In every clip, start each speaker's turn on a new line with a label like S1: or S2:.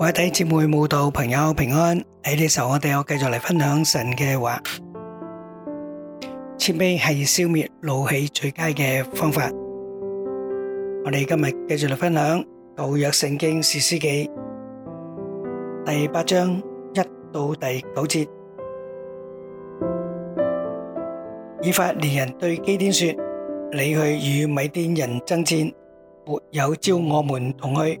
S1: 各位弟兄姊妹、信徒朋友平安，喺呢時候我哋我繼續嚟分享神嘅話，謙卑係消滅怒氣最佳嘅方法。我哋今日繼續嚟分享舊約聖經士師記第八章一到第九節，以法蓮人對基甸說：你去與米甸人爭戰，沒有招我們同去。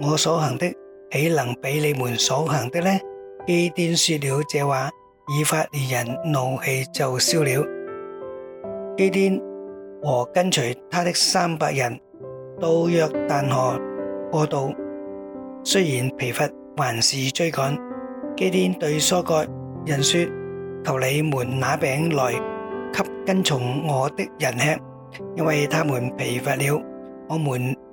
S1: 我所行的，豈能比你們所行的呢？基甸說了這話，以法蓮人怒氣就消了。基甸和跟隨他的三百人到約旦河過渡，雖然疲乏，還是追趕。基甸對疏割人說：求你們拿餅來給跟從我的人吃，因為他們疲乏了。我們。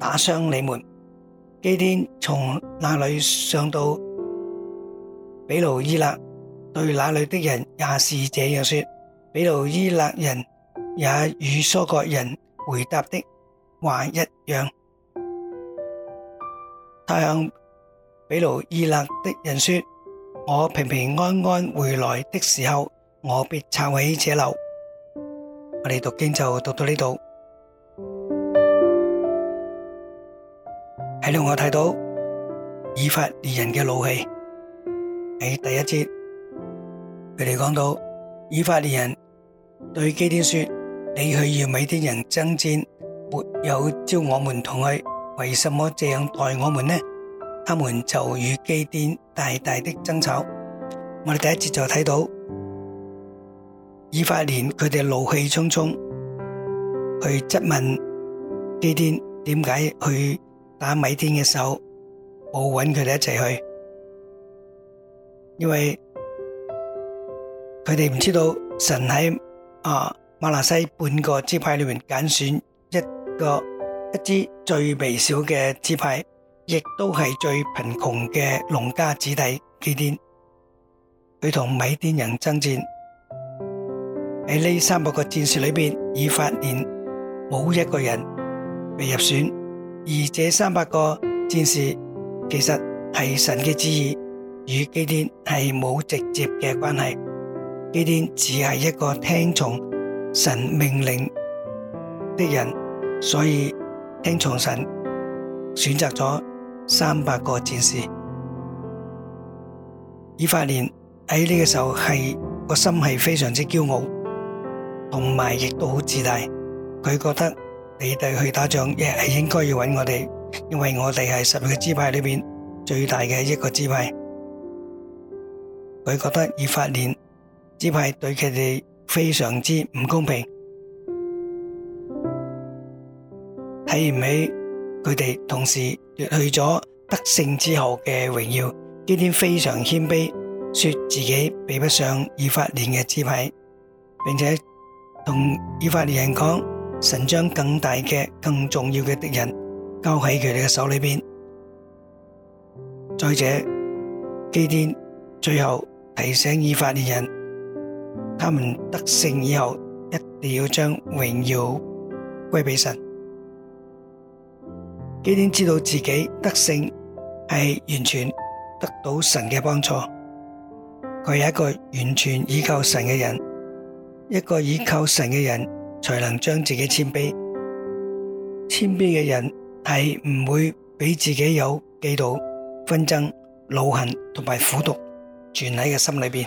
S1: 打傷你們，基甸從那裡上到比路伊勒，對那裡的人也是這樣說。比路伊勒人也與疏割人回答的話一樣。他向比路伊勒的人說：我平平安安回來的時候，我必拆毀這樓。我哋讀經就讀到呢度。你同我睇到以法蓮人嘅怒氣喺第一節，佢哋講到以法蓮人對基甸說：你去與米甸人爭戰，沒有招我們同去，為什麼這樣待我們呢？他們就與基甸大大的爭吵。我哋第一節就睇到以法蓮佢哋怒氣沖沖去質問基甸，點解去？打米甸嘅手，冇搵佢哋一齊去，因為佢哋唔知道神喺啊瑪拿西半個支派裏面揀選，選一個一支最微小嘅支派，亦都係最貧窮嘅農家子弟基甸，佢同米甸人爭戰，喺呢三百個戰士裏面，以法蓮冇一個人被入選。而這三百個戰士其實係神嘅旨意，與基甸係冇直接嘅關係。基甸只係一個聽從神命令的人，所以聽從神選擇咗三百個戰士。以法蓮喺呢個時候係個心係非常之驕傲，同埋亦都好自大，佢覺得。你哋去打仗，亦係應該要搵我哋，因為我哋係十個支派裏邊最大嘅一個支派。佢覺得以法蓮支派對佢哋非常之唔公平，睇唔起佢哋。同時，奪去咗得勝之後嘅榮耀，今天非常謙卑，說自己比不上以法蓮嘅支派，並且同以法蓮人講。神將更大嘅、更重要嘅敵人交喺佢哋嘅手裏邊。再者，基甸最後提醒以法蓮人，他們得勝以後一定要將榮耀歸畀神。基甸知道自己得勝係完全得到神嘅幫助，佢係一個完全依靠神嘅人，一個依靠神嘅人。才能將自己謙卑，謙卑嘅人係唔會俾自己有嫉妒、紛爭、怒恨同埋苦毒存喺你嘅心裏邊。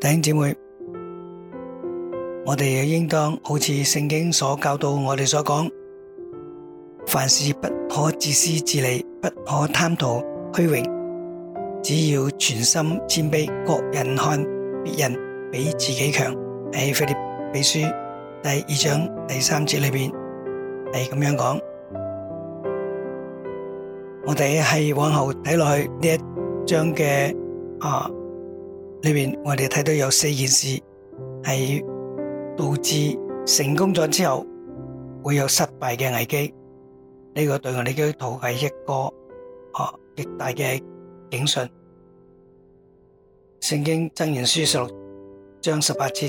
S1: 弟兄姐妹，我哋亦應當好似聖經所教導我哋所講，凡事不可自私自利，不可貪圖虛榮。.只要全心謙卑，各人看別人比自己強，喺《腓立比書》第二章第三節裏邊係咁樣講。我哋係往後睇落去呢一章嘅，啊，裏邊，我哋睇到有四件事係導致成功咗之後會有失敗嘅危機。呢、這個對我哋嚟講係一個啊，極大嘅。警訊，聖經箴言書十六章十八節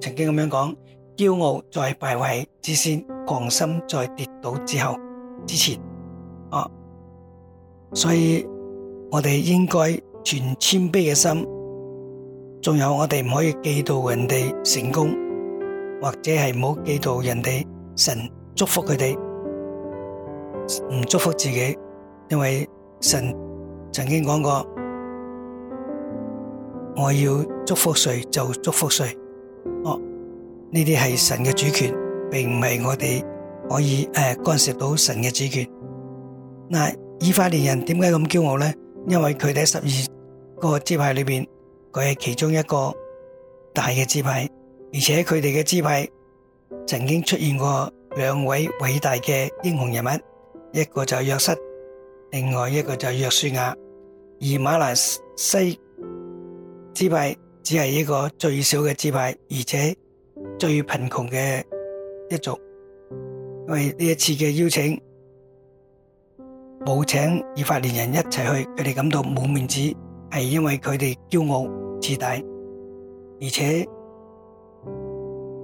S1: 曾經咁樣講：驕傲在敗壞之先，狂心在跌倒之後之前。啊，所以我哋應該存謙卑嘅心，仲有我哋唔可以嫉妒人哋成功，或者係唔好嫉妒人哋神祝福佢哋，唔祝福自己，因為。神曾經講過：我要祝福誰就祝福誰。哦，呢啲係神嘅主權，並唔係我哋可以誒、呃、干涉到神嘅主權。嗱，以法蓮人點解咁驕傲咧？因為佢哋喺十二個支派裏邊，佢係其中一個大嘅支派，而且佢哋嘅支派曾經出現過兩位偉大嘅英雄人物，一個就係約瑟。另外一個就係約書亞，而馬拿西支派只係一個最少嘅支派，而且最貧窮嘅一族。因為呢一次嘅邀請冇請以法蓮人一齊去，佢哋感到冇面子，係因為佢哋驕傲自大，而且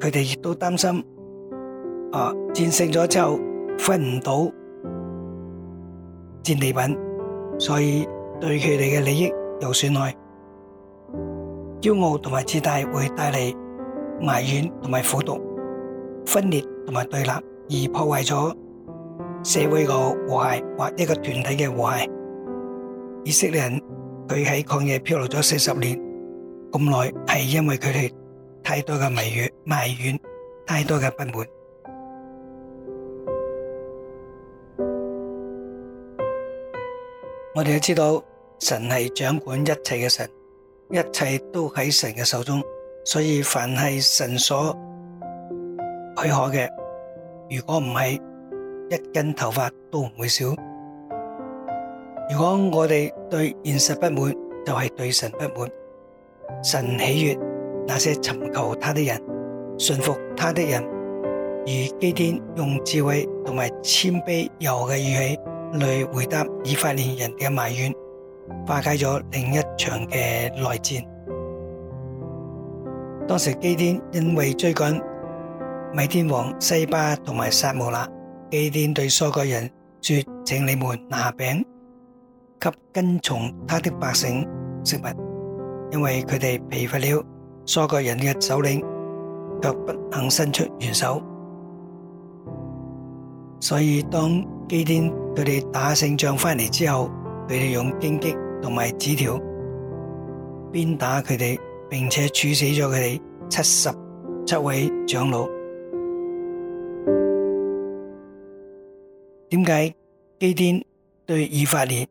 S1: 佢哋亦都擔心，啊戰勝咗之後分唔到。戰利品，所以對佢哋嘅利益有損害。驕傲同埋自大會帶嚟埋怨同埋苦毒，分裂同埋對立，而破壞咗社會個和諧或一個團體嘅和諧。以色列人佢喺曠野漂流咗四十年咁耐，係因為佢哋太多嘅埋怨，埋怨太多嘅不滿。我哋都知道，神係掌管一切嘅神，一切都喺神嘅手中，所以凡係神所許可嘅，如果唔係，一根頭髮都唔會少。如果我哋對現實不滿，就係對神不滿。神喜悅那些尋求他的人，信服他的人，而基甸用智慧同埋謙卑柔和嘅語氣嚟回答，以法蓮人嘅埋怨，化解咗另一場嘅內戰。當時基甸因為追趕米甸王西巴同埋撒慕拿，基甸對疏割人説：請你們拿餅給跟從他的百姓食物，因為佢哋疲乏了。疏割人嘅首領卻不肯伸出援手，所以當，基甸佢哋打勝仗返嚟之後，佢哋用荊棘同埋紙條鞭打佢哋，並且處死咗佢哋七十七位長老。點解基甸對以法蓮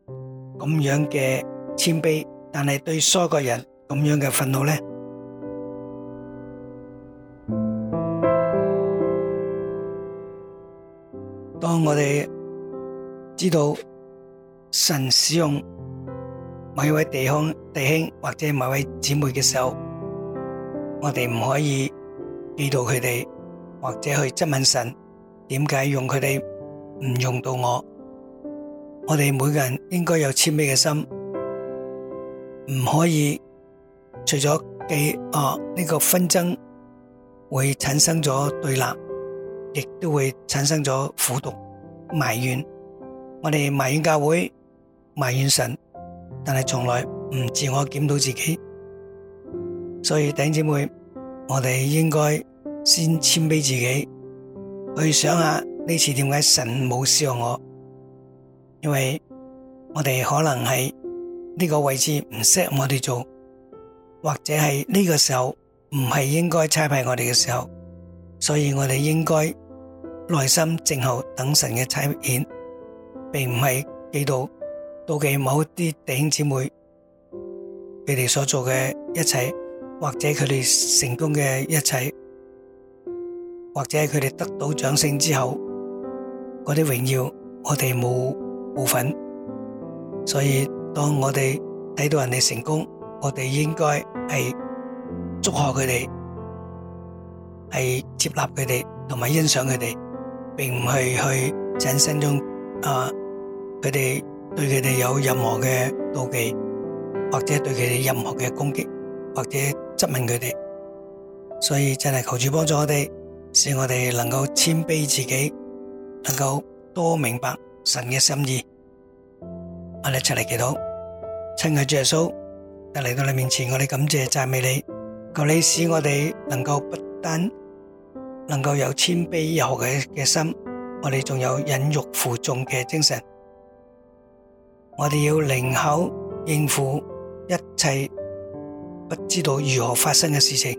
S1: 咁樣嘅謙卑，但係對疏割人咁樣嘅憤怒咧？當我哋。知道神使用每位弟兄、弟兄或者每位姊妹嘅時候，我哋唔可以嫉妒佢哋，或者去質問神點解用佢哋唔用到我。我哋每個人應該有謙卑嘅心，唔可以除咗記啊呢個紛爭會產生咗對立，亦都會產生咗苦毒埋怨。我哋埋怨教會、埋怨神，但係從來唔自我檢討自己。所以頂姐妹，我哋應該先謙卑自己，去想下呢次點解神冇笑我，因為我哋可能係呢個位置唔適合我哋做，或者係呢個時候唔係應該差派我哋嘅時候，所以我哋應該耐心靜候等神嘅差遣。並唔係記到妒忌某一啲弟兄姊妹佢哋所做嘅一切，或者佢哋成功嘅一切，或者佢哋得到掌聲之後嗰啲榮耀，我哋冇部分。所以當我哋睇到人哋成功，我哋應該係祝賀佢哋，係接納佢哋，同埋欣賞佢哋，並唔係去產生一種啊。佢哋對佢哋有任何嘅妒忌，或者對佢哋任何嘅攻擊，或者質問佢哋，所以真係求主幫助我哋，使我哋能夠謙卑自己，能夠多明白神嘅心意。我哋一齊嚟祈禱，親愛的主耶穌，嚟到你面前，我哋感謝讚美你，求你使我哋能夠不單能夠有謙卑柔和嘅嘅心，我哋仲有忍辱負重嘅精神。我哋要靈巧應付一切不知道如何發生嘅事情，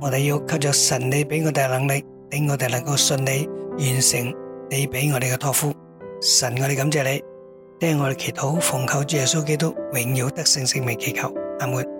S1: 我哋要給着神你畀我哋嘅能力，令我哋能夠順利完成你畀我哋嘅託付。神，我哋感謝你，聽我哋祈禱，奉求主耶穌基督，永有得勝聖名祈求阿門。